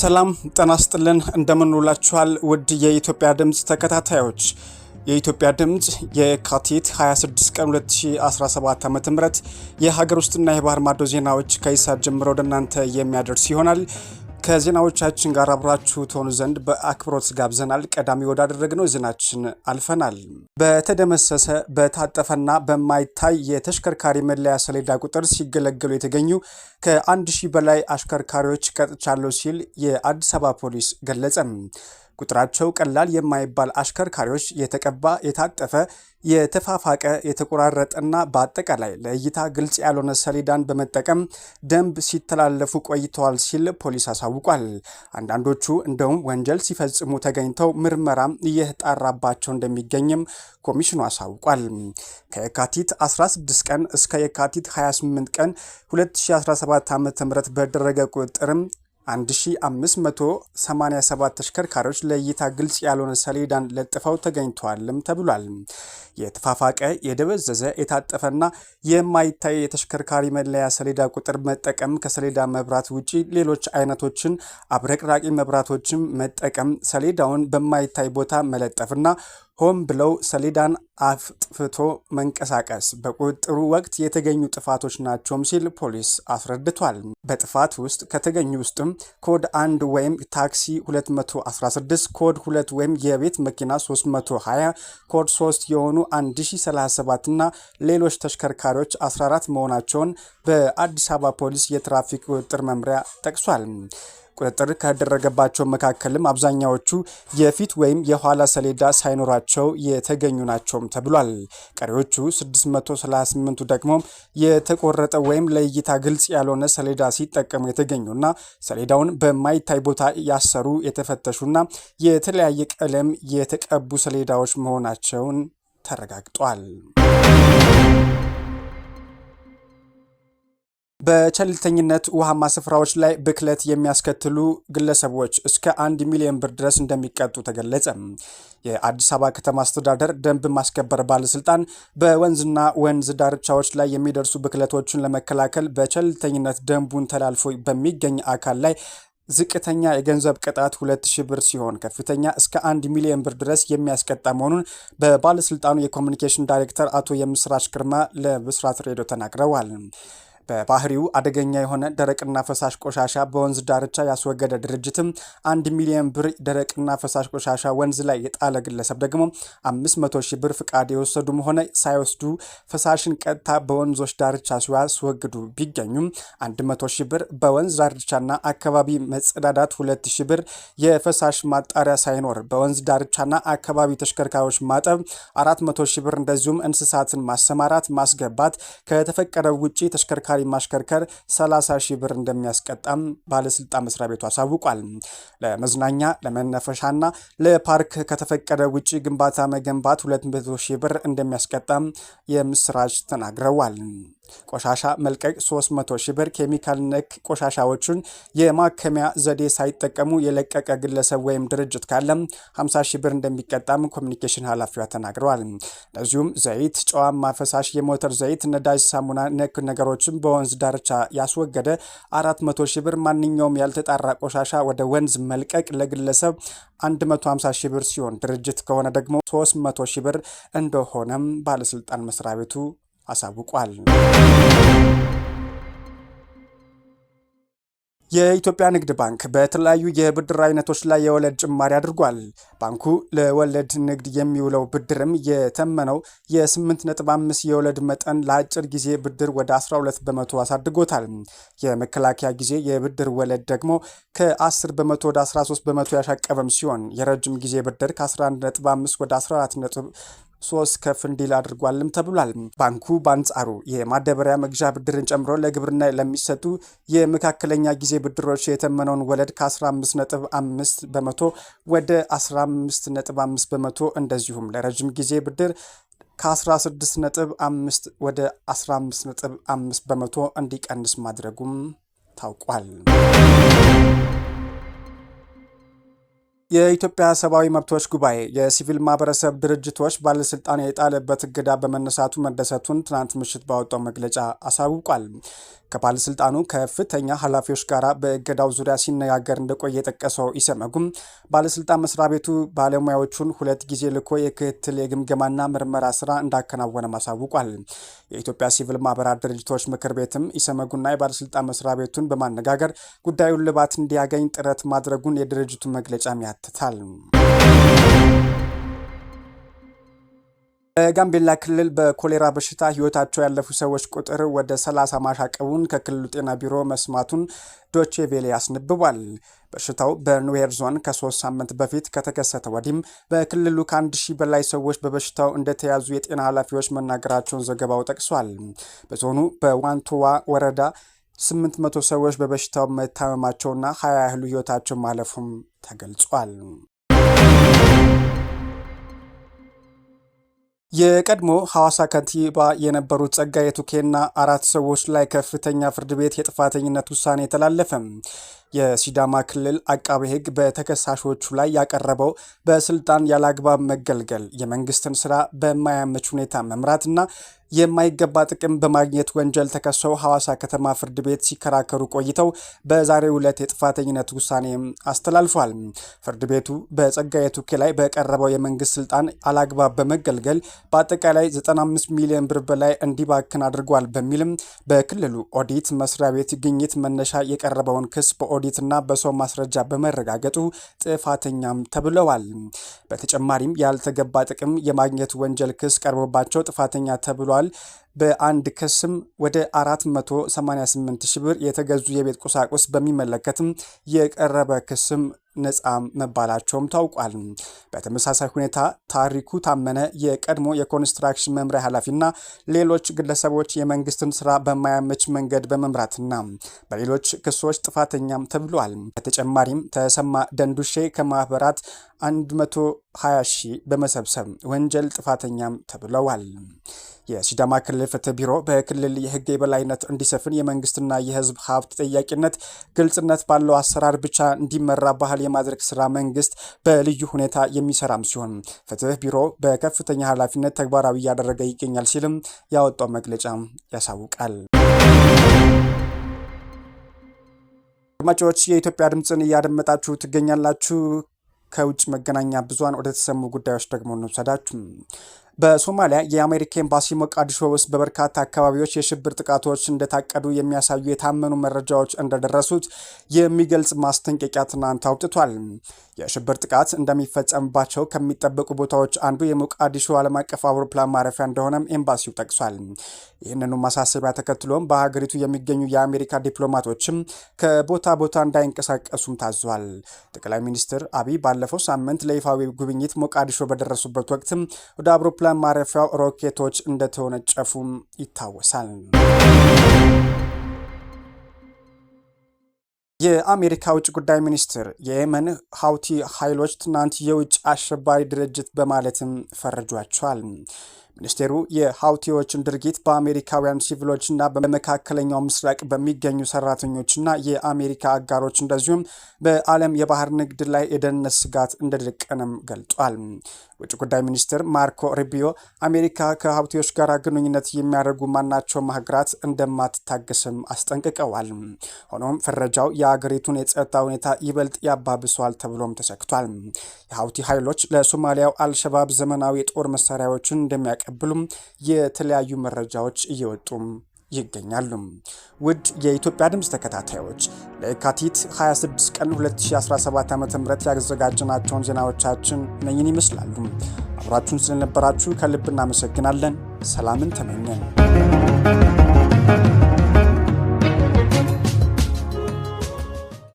ሰላም ጤና ይስጥልን እንደምንውላችኋል ውድ የኢትዮጵያ ድምፅ ተከታታዮች የኢትዮጵያ ድምፅ የካቲት 26 ቀን 2017 ዓ ም የሀገር ውስጥና የባህር ማዶ ዜናዎች ከይሳት ጀምሮ ወደ እናንተ የሚያደርስ ይሆናል። ከዜናዎቻችን ጋር አብራችሁ ትሆኑ ዘንድ በአክብሮት ጋብዘናል። ቀዳሚ ወዳደረግነው ዜናችን አልፈናል። በተደመሰሰ በታጠፈና በማይታይ የተሽከርካሪ መለያ ሰሌዳ ቁጥር ሲገለገሉ የተገኙ ከአንድ ሺህ በላይ አሽከርካሪዎች ቀጥቻለሁ ሲል የአዲስ አበባ ፖሊስ ገለጸ። ቁጥራቸው ቀላል የማይባል አሽከርካሪዎች የተቀባ፣ የታጠፈ፣ የተፋፋቀ፣ የተቆራረጠና በአጠቃላይ ለእይታ ግልጽ ያልሆነ ሰሌዳን በመጠቀም ደንብ ሲተላለፉ ቆይተዋል ሲል ፖሊስ አሳውቋል። አንዳንዶቹ እንደውም ወንጀል ሲፈጽሙ ተገኝተው ምርመራም እየተጣራባቸው እንደሚገኝም ኮሚሽኑ አሳውቋል። ከየካቲት 16 ቀን እስከ የካቲት 28 ቀን 2017 ዓ ም በደረገ ቁጥጥርም 1587 ተሽከርካሪዎች ለእይታ ግልጽ ያልሆነ ሰሌዳን ለጥፈው ተገኝተዋልም ተብሏል። የተፋፋቀ የደበዘዘ የታጠፈና የማይታይ የተሽከርካሪ መለያ ሰሌዳ ቁጥር መጠቀም፣ ከሰሌዳ መብራት ውጪ ሌሎች አይነቶችን አብረቅራቂ መብራቶችን መጠቀም፣ ሰሌዳውን በማይታይ ቦታ መለጠፍና ሆን ብለው ሰሌዳን አፍጥፍቶ መንቀሳቀስ በቁጥጥሩ ወቅት የተገኙ ጥፋቶች ናቸውም ሲል ፖሊስ አስረድቷል። በጥፋት ውስጥ ከተገኙ ውስጥም ኮድ 1 ወይም ታክሲ 216፣ ኮድ 2 ወይም የቤት መኪና 320፣ ኮድ 3 የሆኑ 1037 እና ሌሎች ተሽከርካሪዎች 14 መሆናቸውን በአዲስ አበባ ፖሊስ የትራፊክ ቁጥጥር መምሪያ ጠቅሷል። ቁጥጥር ካደረገባቸው መካከልም አብዛኛዎቹ የፊት ወይም የኋላ ሰሌዳ ሳይኖራቸው የተገኙ ናቸውም ተብሏል። ቀሪዎቹ 638ቱ ደግሞ የተቆረጠ ወይም ለእይታ ግልጽ ያልሆነ ሰሌዳ ሲጠቀሙ የተገኙና ሰሌዳውን በማይታይ ቦታ ያሰሩ የተፈተሹና የተለያየ ቀለም የተቀቡ ሰሌዳዎች መሆናቸውን ተረጋግጧል። በቸልተኝነት ውሃማ ስፍራዎች ላይ ብክለት የሚያስከትሉ ግለሰቦች እስከ አንድ ሚሊዮን ብር ድረስ እንደሚቀጡ ተገለጸ። የአዲስ አበባ ከተማ አስተዳደር ደንብ ማስከበር ባለስልጣን በወንዝና ወንዝ ዳርቻዎች ላይ የሚደርሱ ብክለቶችን ለመከላከል በቸልተኝነት ደንቡን ተላልፎ በሚገኝ አካል ላይ ዝቅተኛ የገንዘብ ቅጣት 2000 ብር ሲሆን ከፍተኛ እስከ አንድ ሚሊዮን ብር ድረስ የሚያስቀጣ መሆኑን በባለስልጣኑ የኮሚኒኬሽን ዳይሬክተር አቶ የምስራች ግርማ ለብስራት ሬዲዮ ተናግረዋል። በባህሪው አደገኛ የሆነ ደረቅና ፈሳሽ ቆሻሻ በወንዝ ዳርቻ ያስወገደ ድርጅትም አንድ ሚሊዮን ብር፣ ደረቅና ፈሳሽ ቆሻሻ ወንዝ ላይ የጣለ ግለሰብ ደግሞ አምስት መቶ ሺህ ብር ፍቃድ የወሰዱም ሆነ ሳይወስዱ ፈሳሽን ቀጥታ በወንዞች ዳርቻ ሲያስወግዱ ቢገኙም አንድ መቶ ሺህ ብር፣ በወንዝ ዳርቻና አካባቢ መጸዳዳት ሁለት ሺህ ብር፣ የፈሳሽ ማጣሪያ ሳይኖር በወንዝ ዳርቻና አካባቢ ተሽከርካሪዎች ማጠብ አራት መቶ ሺህ ብር፣ እንደዚሁም እንስሳትን ማሰማራት ማስገባት ከተፈቀደው ውጭ ተሽከርካሪ ተሽከርካሪ ማሽከርከር 30 ሺህ ብር እንደሚያስቀጣም ባለስልጣን መስሪያ ቤቱ አሳውቋል። ለመዝናኛ ለመናፈሻና ለፓርክ ከተፈቀደ ውጭ ግንባታ መገንባት 200 ሺህ ብር እንደሚያስቀጣም የምስራች ተናግረዋል። ቆሻሻ መልቀቅ 300 ሺ ብር፣ ኬሚካል ነክ ቆሻሻዎቹን የማከሚያ ዘዴ ሳይጠቀሙ የለቀቀ ግለሰብ ወይም ድርጅት ካለም 50 ሺ ብር እንደሚቀጣም ኮሚኒኬሽን ኃላፊዋ ተናግረዋል። እንደዚሁም ዘይት፣ ጨዋማ ፈሳሽ፣ የሞተር ዘይት፣ ነዳጅ፣ ሳሙና ነክ ነገሮችን በወንዝ ዳርቻ ያስወገደ 400 ሺ ብር፣ ማንኛውም ያልተጣራ ቆሻሻ ወደ ወንዝ መልቀቅ ለግለሰብ 150 ሺ ብር ሲሆን ድርጅት ከሆነ ደግሞ 300 ሺ ብር እንደሆነም ባለስልጣን መስሪያ ቤቱ አሳውቋል። የኢትዮጵያ ንግድ ባንክ በተለያዩ የብድር አይነቶች ላይ የወለድ ጭማሪ አድርጓል። ባንኩ ለወለድ ንግድ የሚውለው ብድርም የተመነው የ8.5 የወለድ መጠን ለአጭር ጊዜ ብድር ወደ 12 በመቶ አሳድጎታል። የመከላከያ ጊዜ የብድር ወለድ ደግሞ ከ10 በመቶ ወደ 13 በመቶ ያሻቀበም ሲሆን የረጅም ጊዜ ብድር ከ11.5 ወደ 14 ሶስት ከፍ እንዲል አድርጓልም ተብሏል። ባንኩ በአንጻሩ የማዳበሪያ መግዣ ብድርን ጨምሮ ለግብርና ለሚሰጡ የመካከለኛ ጊዜ ብድሮች የተመነውን ወለድ ከ15.5 በመቶ ወደ 15.5 በመቶ እንደዚሁም ለረጅም ጊዜ ብድር ከ16.5 ወደ 15.5 በመቶ እንዲቀንስ ማድረጉም ታውቋል። የኢትዮጵያ ሰብአዊ መብቶች ጉባኤ የሲቪል ማህበረሰብ ድርጅቶች ባለስልጣን የጣለበት እገዳ በመነሳቱ መደሰቱን ትናንት ምሽት ባወጣው መግለጫ አሳውቋል። ከባለስልጣኑ ከፍተኛ ኃላፊዎች ጋር በእገዳው ዙሪያ ሲነጋገር እንደቆየ የጠቀሰው ኢሰመጉም ባለስልጣን መስሪያ ቤቱ ባለሙያዎቹን ሁለት ጊዜ ልኮ የክትትል የግምገማና ምርመራ ስራ እንዳከናወነ ማሳውቋል። የኢትዮጵያ ሲቪል ማህበራት ድርጅቶች ምክር ቤትም ኢሰመጉና የባለስልጣን መስሪያ ቤቱን በማነጋገር ጉዳዩን ልባት እንዲያገኝ ጥረት ማድረጉን የድርጅቱ መግለጫም ያትታል። በጋምቤላ ክልል በኮሌራ በሽታ ህይወታቸው ያለፉ ሰዎች ቁጥር ወደ 30 ማሻቀቡን ከክልሉ ጤና ቢሮ መስማቱን ዶቼ ቬሌ አስነብቧል። በሽታው በኑዌር ዞን ከሶስት ሳምንት በፊት ከተከሰተ ወዲህም በክልሉ ከአንድ ሺህ በላይ ሰዎች በበሽታው እንደተያዙ የጤና ኃላፊዎች መናገራቸውን ዘገባው ጠቅሷል። በዞኑ በዋንቶዋ ወረዳ 800 ሰዎች በበሽታው መታመማቸውና 20 ያህሉ ህይወታቸው ማለፉም ተገልጿል። የቀድሞ ሐዋሳ ከንቲባ የነበሩት ጸጋዬ ቱኬና አራት ሰዎች ላይ ከፍተኛ ፍርድ ቤት የጥፋተኝነት ውሳኔ ተላለፈም። የሲዳማ ክልል አቃቤ ሕግ በተከሳሾቹ ላይ ያቀረበው በስልጣን ያላግባብ መገልገል፣ የመንግስትን ስራ በማያመች ሁኔታ መምራትና የማይገባ ጥቅም በማግኘት ወንጀል ተከሰው ሐዋሳ ከተማ ፍርድ ቤት ሲከራከሩ ቆይተው በዛሬው ዕለት የጥፋተኝነት ውሳኔ አስተላልፏል። ፍርድ ቤቱ በጸጋዬ ቱኬ ላይ በቀረበው የመንግስት ስልጣን አላግባብ በመገልገል በአጠቃላይ 95 ሚሊዮን ብር በላይ እንዲባክን አድርጓል በሚልም በክልሉ ኦዲት መስሪያ ቤት ግኝት መነሻ የቀረበውን ክስ በኦዲትና በሰው ማስረጃ በመረጋገጡ ጥፋተኛም ተብለዋል። በተጨማሪም ያልተገባ ጥቅም የማግኘት ወንጀል ክስ ቀርቦባቸው ጥፋተኛ ተብሏል ተከሰዋል። በአንድ ክስም ወደ 488 ሺህ ብር የተገዙ የቤት ቁሳቁስ በሚመለከትም የቀረበ ክስም ነፃ መባላቸውም ታውቋል። በተመሳሳይ ሁኔታ ታሪኩ ታመነ የቀድሞ የኮንስትራክሽን መምሪያ ኃላፊና ሌሎች ግለሰቦች የመንግስትን ስራ በማያመች መንገድ በመምራትና በሌሎች ክሶች ጥፋተኛም ተብሏል። በተጨማሪም ተሰማ ደንዱሼ ከማህበራት 120 ሺህ በመሰብሰብ ወንጀል ጥፋተኛም ተብለዋል። የሲዳማ ክልል ፍትህ ቢሮ በክልል የህግ የበላይነት እንዲሰፍን የመንግስትና የህዝብ ሀብት ተጠያቂነት ግልጽነት ባለው አሰራር ብቻ እንዲመራ ባህል የማድረግ ስራ መንግስት በልዩ ሁኔታ የሚሰራም ሲሆን ፍትህ ቢሮ በከፍተኛ ኃላፊነት ተግባራዊ እያደረገ ይገኛል ሲልም ያወጣው መግለጫ ያሳውቃል። አድማጮች የኢትዮጵያ ድምፅን እያደመጣችሁ ትገኛላችሁ። ከውጭ መገናኛ ብዙሃን ወደ ተሰሙ ጉዳዮች ደግሞ እንውሰዳችሁ። በሶማሊያ የአሜሪካ ኤምባሲ ሞቃዲሾ ውስጥ በበርካታ አካባቢዎች የሽብር ጥቃቶች እንደታቀዱ የሚያሳዩ የታመኑ መረጃዎች እንደደረሱት የሚገልጽ ማስጠንቀቂያ ትናንት አውጥቷል። የሽብር ጥቃት እንደሚፈጸምባቸው ከሚጠበቁ ቦታዎች አንዱ የሞቃዲሾ ዓለም አቀፍ አውሮፕላን ማረፊያ እንደሆነም ኤምባሲው ጠቅሷል። ይህንኑ ማሳሰቢያ ተከትሎም በሀገሪቱ የሚገኙ የአሜሪካ ዲፕሎማቶችም ከቦታ ቦታ እንዳይንቀሳቀሱም ታዟል። ጠቅላይ ሚኒስትር አብይ ባለፈው ሳምንት ለይፋዊ ጉብኝት ሞቃዲሾ በደረሱበት ወቅትም ወደ አውሮፕላን አውሮፕላን ሮኬቶች እንደተወነጨፉም ይታወሳል። የአሜሪካ ውጭ ጉዳይ ሚኒስትር የየመን ሀውቲ ኃይሎች ትናንት የውጭ አሸባሪ ድርጅት በማለትም ፈርጇቸዋል። ሚኒስቴሩ የሀውቲዎችን ድርጊት በአሜሪካውያን ሲቪሎችና በመካከለኛው ምስራቅ በሚገኙ ሰራተኞችና የአሜሪካ አጋሮች እንደዚሁም በዓለም የባህር ንግድ ላይ የደህንነት ስጋት እንደደቀነም ገልጧል። ውጭ ጉዳይ ሚኒስትር ማርኮ ሩቢዮ አሜሪካ ከሀውቲዎች ጋር ግንኙነት የሚያደርጉ ማናቸውም ሀገራት እንደማትታገስም አስጠንቅቀዋል። ሆኖም ፈረጃው የአገሪቱን የጸጥታ ሁኔታ ይበልጥ ያባብሰዋል ተብሎም ተሰግቷል። የሀውቲ ኃይሎች ለሶማሊያው አልሸባብ ዘመናዊ የጦር መሳሪያዎችን እንደሚያቀ እንደሚያቀብሉም የተለያዩ መረጃዎች እየወጡም ይገኛሉ። ውድ የኢትዮጵያ ድምፅ ተከታታዮች ለካቲት 26 ቀን 2017 ዓ ም ያዘጋጀናቸውን ዜናዎቻችን ነኝን ይመስላሉ። አብራችሁን ስለነበራችሁ ከልብ እናመሰግናለን። ሰላምን ተመኘን።